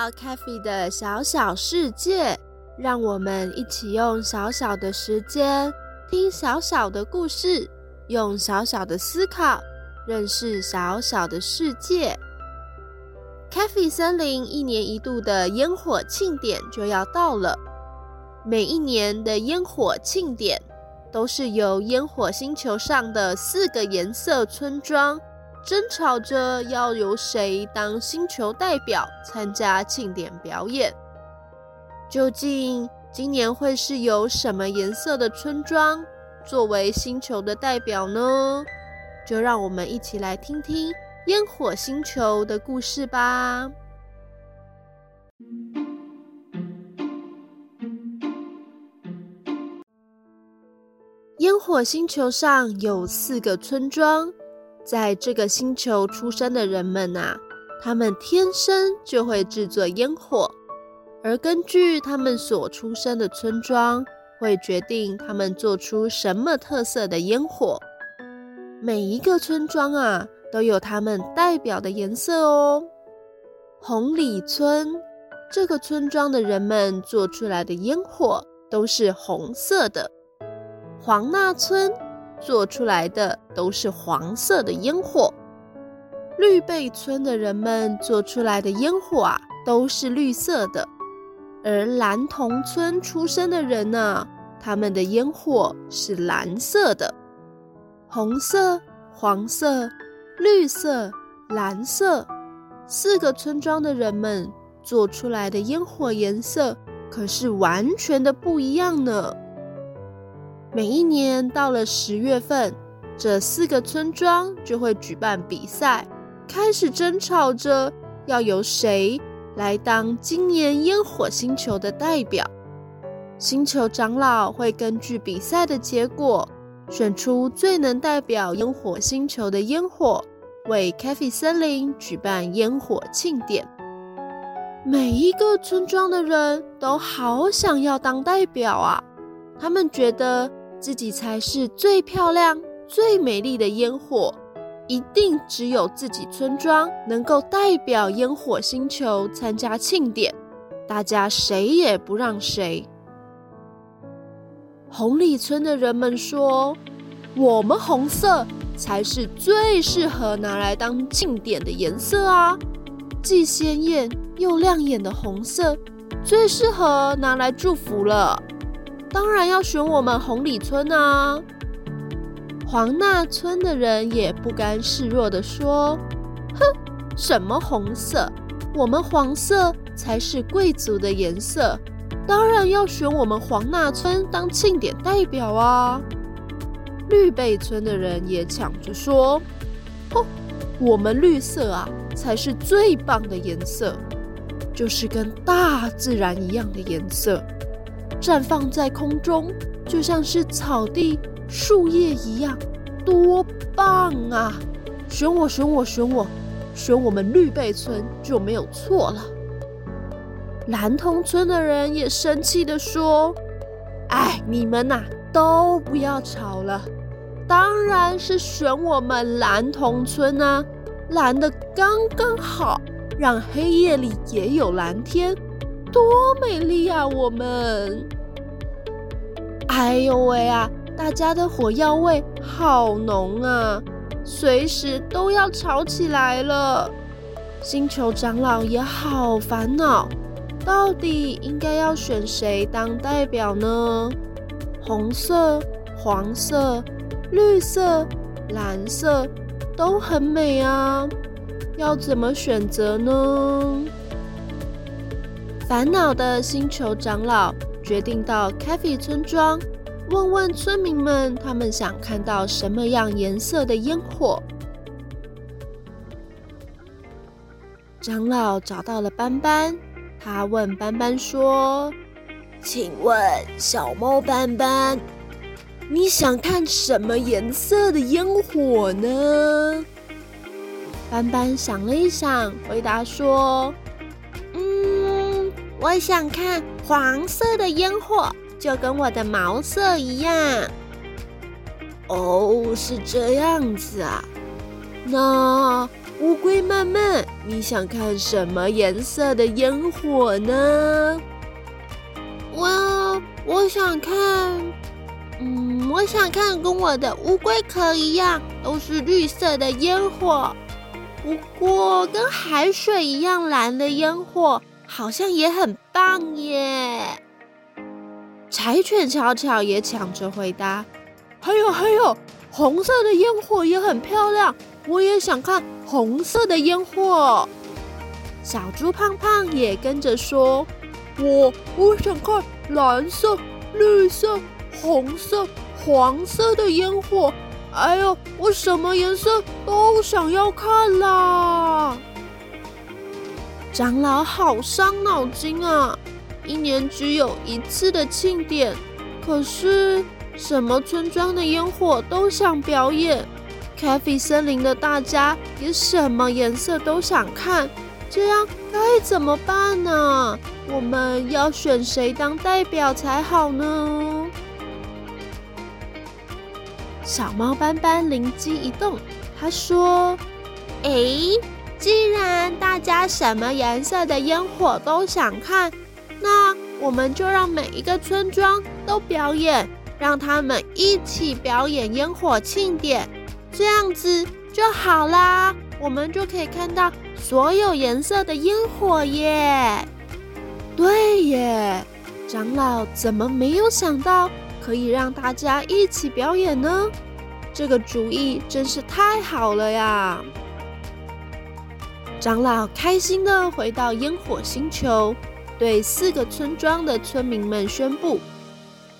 到 CaFi 的小小世界，讓我們一起用小小的時間聽小小的故事，用小小的思考認識小小的世界。CaFi 森林一年一度的煙火慶典就要到了，每一年的煙火慶典都是由煙火星球上的四個顏色村莊，爭吵着要由誰當星球代表參加慶典表演。究竟今年會是由什麼顏色的村莊作為星球的代表呢？就讓我們一起來聽聽煙火星球的故事吧。煙火星球上有四個村莊。在這個星球出生的人們吶、啊，他們天生就會製作煙火，而根據他們所出生的村莊，會決定他們做出什麼特色的煙火。每一個村莊啊，都有他們代表的顏色哦。紅里村，這個村莊的人們做出來的煙火都是紅色的，黃那村。做出來的都是黃色的煙火，綠背村的人們做出來的煙火啊都是綠色的，而藍銅村出生的人呢、啊，他們的煙火是藍色的。紅色、黃色、綠色、藍色，四個村莊的人們做出來的煙火顏色可是完全的不一樣呢。每一年到了十月份，這四個村莊就會舉辦比賽，開始爭吵着要由誰來當今年煙火星球的代表。星球長老會根據比賽的結果，選出最能代表煙火星球的煙火，為 CaFi 森林舉辦煙火慶典。每一個村莊的人都好想要當代表啊，他們覺得。自己才是最漂亮、最美麗的煙火，一定只有自己村莊能夠代表煙火星球參加慶典，大家誰也不讓誰。紅里村的人們說：“我們紅色才是最適合拿來當慶典的顏色啊，既鮮豔又亮眼的紅色，最適合拿來祝福了。”當然要選我們紅里村啊！黃那村的人也不甘示弱地說：“哼，什麼紅色？我們黃色才是貴族的顏色，當然要選我們黃那村當慶典代表啊！”綠背村的人也搶着說：“哦，我們綠色啊才是最棒的顏色，就是跟大自然一樣的顏色。”綻放在空中，就像是草地、樹葉一樣，多棒啊！選我，選我，選我，選我們綠貝村就沒有錯了。藍桐村的人也生氣地說：“哎，你們吶、啊，都不要吵了，當然是選我們藍桐村啊，藍的剛剛好，讓黑夜裡也有藍天。”多美麗啊！我們，哎呦喂啊！大家的火藥味好濃啊，隨時都要吵起來了。星球長老也好煩惱，到底應該要選誰當代表呢？紅色、黃色、綠色、藍色都很美啊，要怎麼選擇呢？煩惱的星球長老決定到 CaFi 村莊，問問村民們他們想看到什麼樣顏色的煙火。長老找到了斑斑，他問斑斑說：“請問小貓斑斑，你想看什麼顏色的煙火呢？”斑斑想了一想，回答說。我想看黃色的煙火，就跟我的毛色一樣。哦，oh, 是這樣子啊。那烏龜妹妹，你想看什麼顏色的煙火呢？我我想看，嗯，我想看跟我的烏龜殼一樣，都是綠色的煙火，不過跟海水一樣藍的煙火。好像也很棒耶！柴犬巧巧也搶着回答：“還有還有，紅色的煙火也很漂亮，我也想看紅色的煙火。”小豬胖胖也跟着說：“我我想看藍色、綠色、紅色、黃色的煙火，哎呦，我什麼顏色都想要看啦！”長老好傷腦筋啊！一年只有一次的慶典，可是什麼村莊的煙火都想表演，咖啡森林的大家也什麼顏色都想看，這樣該怎麼辦呢？啊？我們要選誰當代表才好呢？小貓斑斑靈機一動，他說：“哎。”既然大家什麼顏色的煙火都想看，那我們就讓每一個村莊都表演，讓他們一起表演煙火慶典，這樣子就好啦。我們就可以看到所有顏色的煙火耶。對耶，長老怎麼沒有想到可以讓大家一起表演呢？這個主意真是太好了呀！長老開心的回到煙火星球，對四個村莊的村民們宣布：“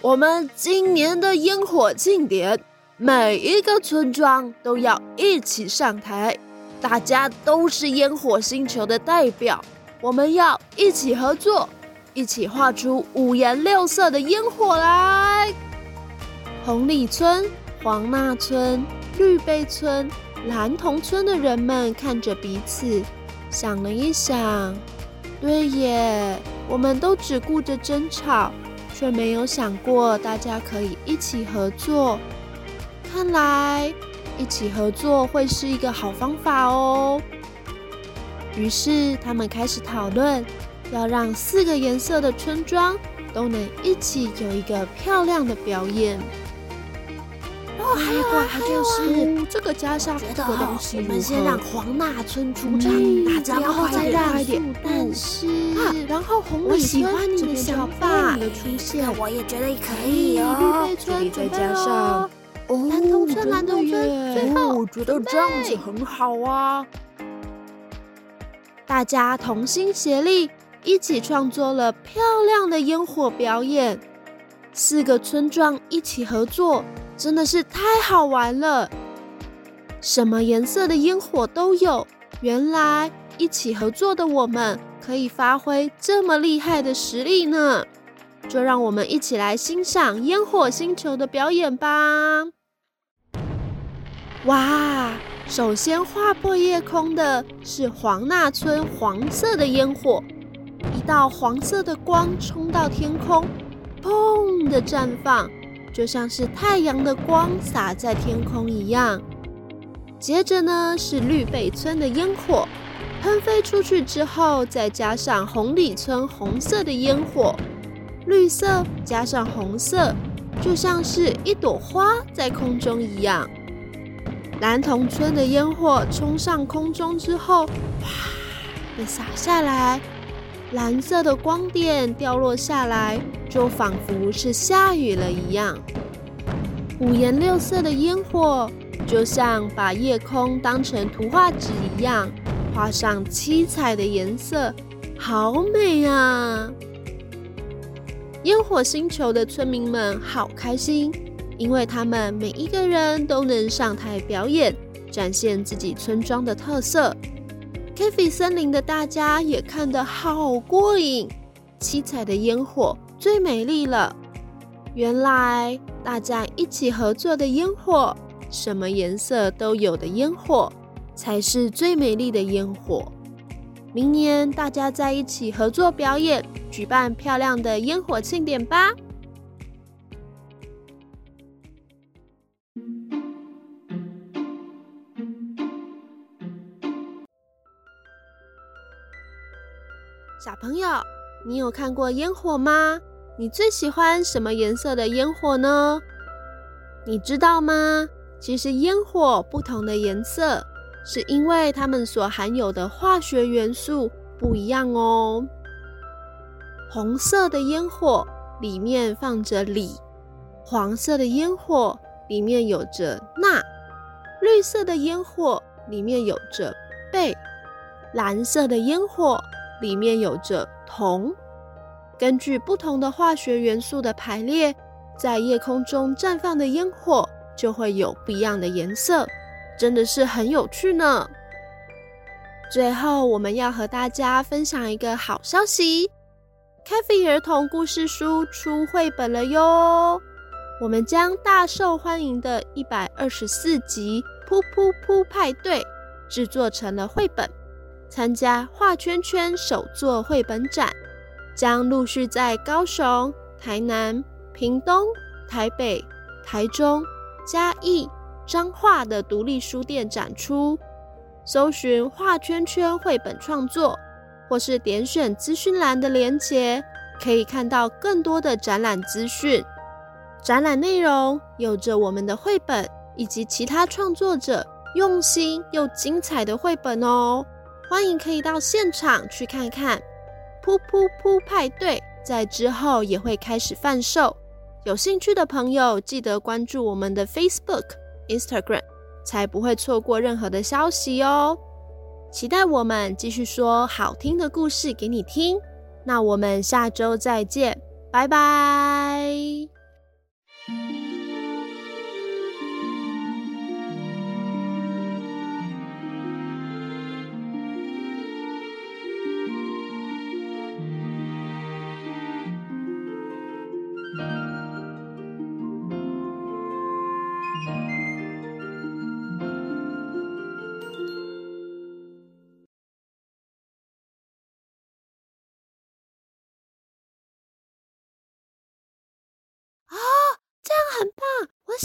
我們今年的煙火慶典，每一個村莊都要一起上台。大家都是煙火星球的代表，我們要一起合作，一起畫出五顏六色的煙火來。”紅里村、黃那村、綠貝村、藍銅村的人們看着彼此。想了一想，對耶，我們都只顧着爭吵，卻沒有想過大家可以一起合作。看來一起合作會是一個好方法哦。於是他們開始討論，要讓四個顏色的村莊都能一起有一個漂亮的表演。就是玩這個加上這個東西，我們先讓黃蠟村出場，大家快一點，但是然後紅綠村這邊小霸的出現，我也覺得可以哦。綠綠村再加上藍頭村、藍頭村，最後我覺得這樣子很好啊。大家同心協力，一起創作了漂亮的烟火表演。四個村莊一起合作。真的是太好玩了！什麼顏色的煙火都有。原來一起合作的我們可以發揮這麼厲害的實力呢！就讓我們一起來欣賞煙火星球的表演吧！哇，首先劃破夜空的是黃那村黃色的煙火，一道黃色的光衝到天空，砰的綻放。就像是太陽的光灑在天空一樣。接着呢，是綠背村的煙火噴飛出去之後，再加上紅里村紅色的煙火，綠色加上紅色，就像是一朵花在空中一樣。藍銅村的煙火衝上空中之後，哇，被灑下來。藍色的光點掉落下來，就仿佛是下雨了一樣。五顏六色的煙火，就像把夜空當成圖畫紙一樣，畫上七彩的顏色，好美啊！煙火星球的村民們好開心，因為他們每一個人都能上台表演，展現自己村莊的特色。CaFi 森林的大家也看得好過癮，七彩的煙火最美麗了。原來大家一起合作的煙火，什麼顏色都有的煙火，才是最美麗的煙火。明年大家再一起合作表演，舉辦漂亮的煙火慶典吧。小朋友，你有看過煙火嗎？你最喜歡什麼顏色的煙火呢？你知道嗎？其實煙火不同的顏色是因為它們所含有的化學元素不一樣哦。紅色的煙火裡面放着鋰，黃色的煙火裡面有着鈉，綠色的煙火裡面有着鋇，藍色的煙火裡面有着銅，根據不同的化學元素的排列，在夜空中綻放的煙火就會有不一樣的顏色，真的是很有趣呢。最後，我們要和大家分享一個好消息，CaFi 兒童故事書出繪本了喲！我們將大受歡迎的124集《噗噗噗派對》制作成了繪本。參加畫圈圈手製繪本展，將陸續在高雄、台南、屏東、台北、台中、嘉義、彰化的獨立書店展出。搜尋“畫圈圈”繪本創作，或是點選資訊欄的連結，可以看到更多的展覽資訊。展覽內容有着我們的繪本以及其他創作者用心又精彩的繪本哦。歡迎可以到現場去看看，噗噗噗派對在之後也會開始販售，有興趣的朋友記得關注我們的 Facebook、Instagram，才不會錯過任何的消息哦。期待我們繼續說好聽的故事給你聽，那我們下週再見，拜拜。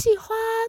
喜歡。